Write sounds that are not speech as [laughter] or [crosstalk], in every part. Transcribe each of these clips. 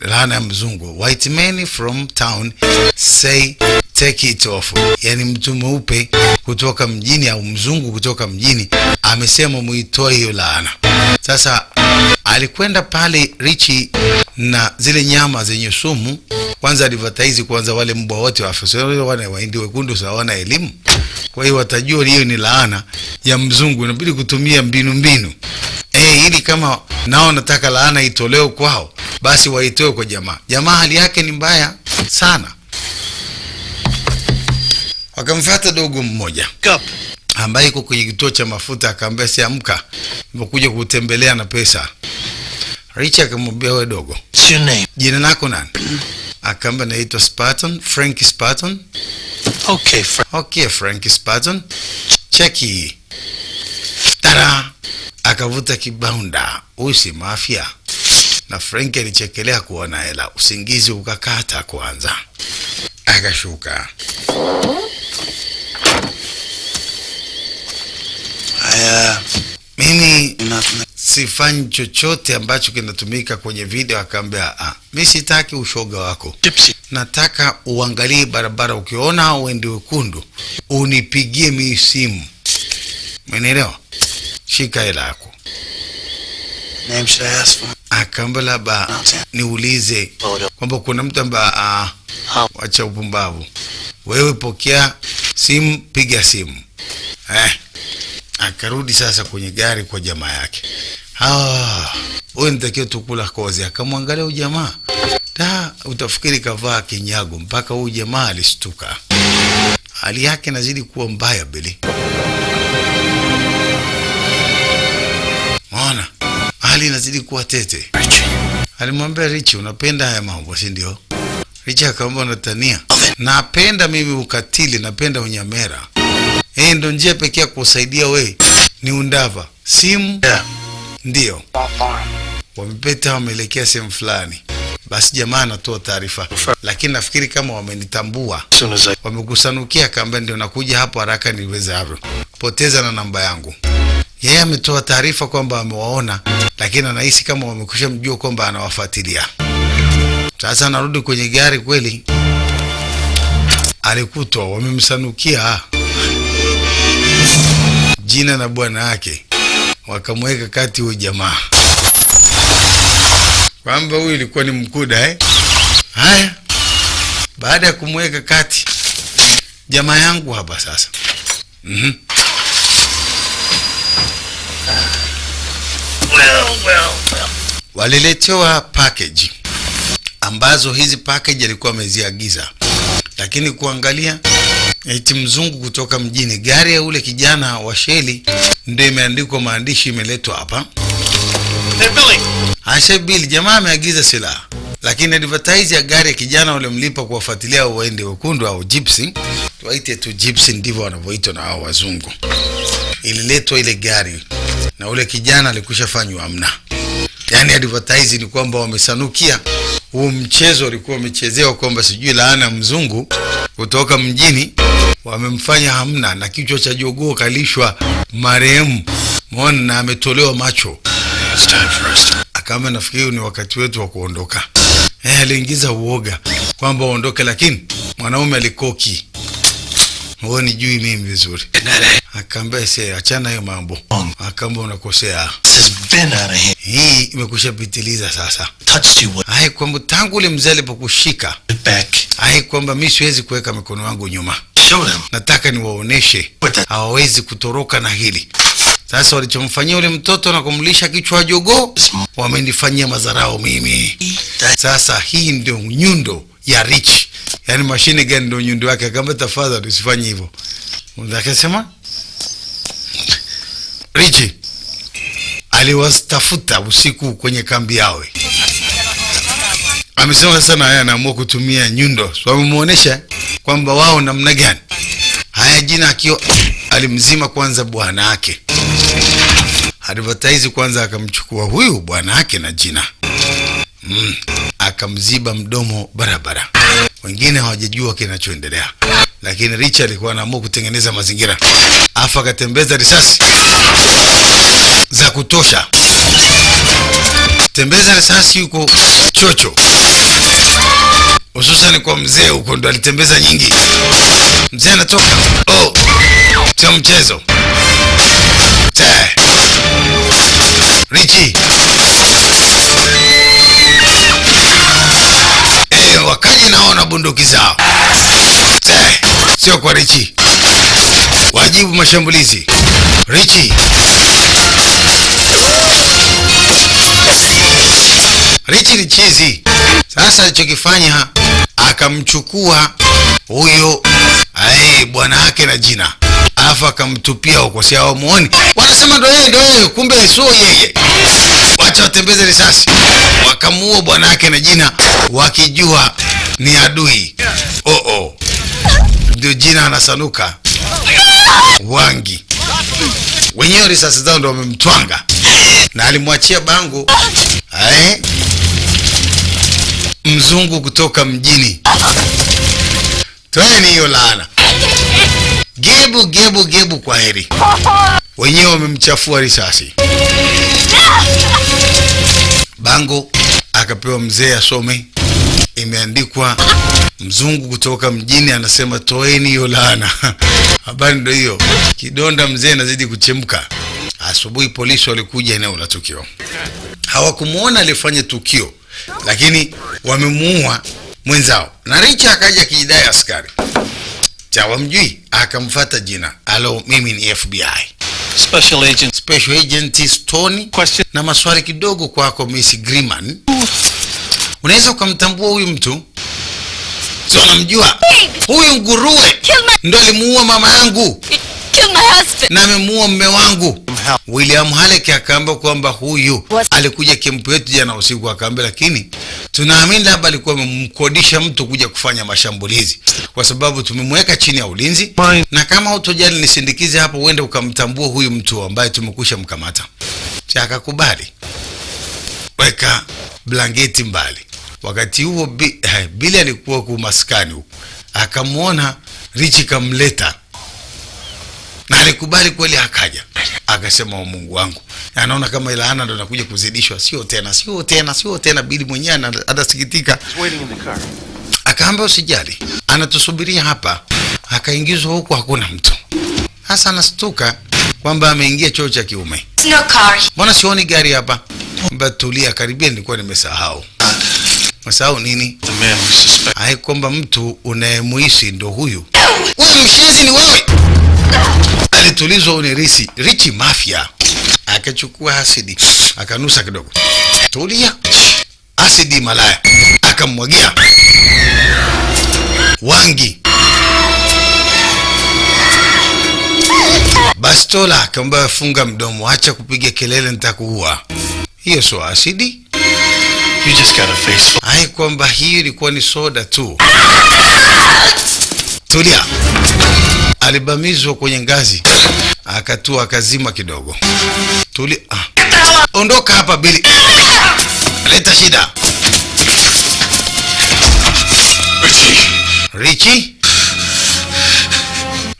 laana ya mzungu, white men from town say take it off, yani mtu mweupe kutoka mjini au mzungu kutoka mjini amesema muitoe hiyo laana. Sasa alikwenda pale Richi na zile nyama zenye sumu, kwanza advertise kwanza wale mbwa wote wafe, sio wana waindi wekundu, sio wana elimu. Kwa hiyo watajua hiyo ni laana ya mzungu, inabidi kutumia mbinu mbinu. Eh, ili kama nao nataka laana itolewe kwao basi waitoe kwa jamaa. Jamaa hali yake ni mbaya sana. Wakamfata dogo mmoja Kap. ambaye iko kwenye kituo cha mafuta, akaambia si amka, nimekuja kutembelea na pesa. Richard akamwambia wewe dogo, jina lako nani? Akaambia naitwa Spartan, Frank Spartan. Okay, Fra okay, Frank Spartan. Cheki. Tara. Akavuta kibaunda. Huyu si mafia na Frank alichekelea kuona hela, usingizi ukakata kwanza, akashuka. Haya, mimi sifanyi chochote ambacho kinatumika kwenye video. Akaambia ah, mi sitaki ushoga wako, nataka uangalie barabara, ukiona uende wekundu unipigie mi simu, umenielewa? Shika hela yako akaamba Akambalaba, ah, niulize kwamba kuna mtu ambaye ah, ah. wacha upumbavu wewe, pokea simu, piga simu eh. Akarudi sasa kwenye gari kwa jamaa yake huyu ah, nitakiwa tukula kozi. Akamwangalia huyu jamaa da, utafikiri kavaa kinyago, mpaka huyu jamaa alishtuka. Hali yake nazidi kuwa mbaya bili hali inazidi kuwa tete. Alimwambia Richi, unapenda haya mambo, si ndio? Richi akaomba unatania. Napenda mimi ukatili, napenda unyamera. Hii ndo njia pekee ya kusaidia we ni undava simu yeah. Ndio wamepeta wameelekea sehemu fulani, basi jamaa anatoa taarifa, lakini nafikiri kama wamenitambua wamekusanukia, kaambia ndio nakuja hapo haraka niweze hapo, poteza na namba yangu. Yeye ametoa taarifa kwamba amewaona lakini anahisi kama mjua kwamba anawafuatilia. Sasa anarudi kwenye gari, kweli alikutwa wamemsanukia jina na bwana yake, wakamweka kati huyu jamaa kwamba huyu ilikuwa ni mkuda eh? Haya, baada ya kumweka kati, jamaa yangu hapa sasa, mm -hmm. waliletewa package ambazo hizi package alikuwa ameziagiza, lakini kuangalia eti eh, mzungu kutoka mjini, gari ya ule kijana wa sheli ndio imeandikwa maandishi, imeletwa hapa Aisha Bill, ah, Jamaa ameagiza silaha, lakini advertise ya gari ya kijana waliomlipa kuwafuatilia waende wekundu au gypsy, tuwaite tu gypsy, ndivyo wanavyoitwa na hao wazungu. Ililetwa ile gari na ule kijana alikushafanywa amna yani advertise ni kwamba wamesanukia huu mchezo, walikuwa wamechezewa kwamba sijui laana mzungu kutoka mjini wamemfanya hamna na kichwa cha jogoo kalishwa marehemu mona, na ametolewa macho. Akama nafikiri ni wakati wetu wa kuondoka. Eh, aliingiza uoga kwamba waondoke, lakini mwanaume alikoki Mbona jui mimi vizuri? Akaambia sasa achana hiyo mambo. Akaambia unakosea. Hii pitiliza sasa. Hai kwamba tangu ule mzee alipokushika. Hai kwamba mimi siwezi kuweka mikono yangu nyuma. Nataka niwaoneshe hawawezi kutoroka na hili. Sasa walichomfanyia ule mtoto na kumlisha kichwa jogo wamenifanyia madharao mimi. Sasa hii ndio nyundo ya Rich yani mashine gani ndio nyundo yake? Akamba tafadhali usifanye hivyo. Akasema Richi aliwastafuta usiku kwenye kambi yawe Amesema sasa na anaamua kutumia nyundo, so amemuonesha kwamba wao namna gani. Haya jina akio alimzima kwanza bwana yake advertise kwanza, akamchukua huyu bwana yake na jina mm, akamziba mdomo barabara wengine hawajajua kinachoendelea, lakini Richard alikuwa anaamua kutengeneza mazingira, afa akatembeza risasi za kutosha. Tembeza risasi huko chocho, hususani kwa mzee huko, ndo alitembeza nyingi. Mzee anatoka oh, sio mchezo Richi wao na bunduki zao, eh, sio kwa Richi. Wajibu mashambulizi Richi. Richi ni chizi. Sasa alichokifanya akamchukua huyo eh, bwana yake na jina, alafu akamtupia huko, si hao wanasema ndo yeye ndo yeye, kumbe sio yeye. Wacha watembeze risasi atamuua bwana yake na jina, wakijua ni adui. Oh oh, ndio jina anasanuka Wangi, wenyewe risasi zao ndo wamemtwanga, na alimwachia bango ae, eh, mzungu kutoka mjini. Tweni hiyo laana, gebu gebu gebu, kwa heri. Wenyewe wamemchafua risasi bangu akapewa mzee asome. Imeandikwa mzungu kutoka mjini anasema toeni hiyo laana. [laughs] Habari ndio hiyo, kidonda mzee anazidi kuchemka. Asubuhi polisi walikuja eneo la tukio, hawakumwona aliyefanya tukio, lakini wamemuua mwenzao. Na Richa akaja kijidai askari cha wamjui, akamfata jina, alo, mimi ni FBI. Special Agent, Special Agent Stone. Question. Na maswali kidogo kwako Miss Griman. Unaweza ukamtambua huyu mtu? Sio, namjua huyu nguruwe ndo alimuua mama yangu na amemuua mme wangu. Hale. William Halek akaamba kwamba huyu alikuja kempu yetu jana usiku akaambia, lakini tunaamini labda alikuwa amemkodisha mtu kuja kufanya mashambulizi, kwa sababu tumemweka chini ya ulinzi Mine. na kama utojali nisindikize hapo, uende ukamtambua huyu mtu ambaye tumekusha mkamata. Akakubali, weka blanketi mbali. Wakati huo bi, eh, Bili alikuwa ku maskani huko, akamwona Richi kamleta na alikubali kweli, akaja Akasema wa oh, Mungu wangu, anaona kama ile laana ndo nakuja kuzidishwa, sio tena, sio tena, sio tena. Bili mwenyewe anasikitika, akaamba usijali, anatusubiria hapa. Akaingizwa huku, hakuna mtu. Sasa anastuka kwamba ameingia choo cha kiume. Mbona sioni gari hapa? Mba Tulia, karibia, nilikuwa nimesahau. Masahau nini? Hai, kwamba mtu unayemuishi ndo huyu. Wewe mshenzi ni wewe alitulizwa unirisi Richi Mafia akachukua asidi akanusa kidogo, tulia, asidi malaya akamwagia Wangi bastola akamwambia, funga mdomo, acha kupiga kelele, nitakuua. Hiyo sio asidi, you just got a face. Ai, kwamba hiyo ilikuwa ni soda tu. Tulia alibamizwa kwenye ngazi, akatua, akazima kidogo. Tuli, ah. Ondoka hapa Bili, leta shida Richi,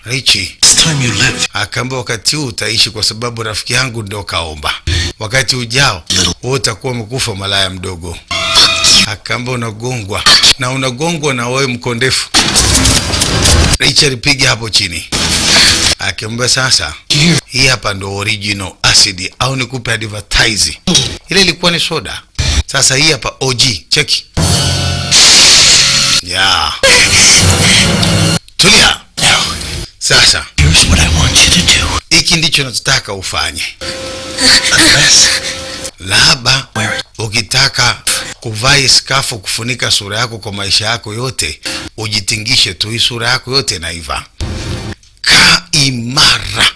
Richi akaambia, wakati huu utaishi kwa sababu rafiki yangu ndo kaomba, wakati ujao wewe utakuwa umekufa malaya mdogo. Akaambia unagongwa na unagongwa na wewe mkondefu Richard, piga hapo chini. Akiambia sasa, hii hapa ndo original acid au nikupe advertise. Ile ilikuwa ni soda. Sasa hii hapa OG, cheki. Yeah. Tulia. Sasa, here's Hiki ndicho nataka ufanye. Labda ukitaka kuvaa iskafu kufunika sura yako kwa maisha yako yote, ujitingishe tu, hii sura yako yote naiva Kaa imara,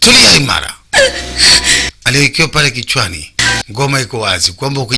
tulia imara, aliyoikiwa pale kichwani, ngoma iko wazi kwamba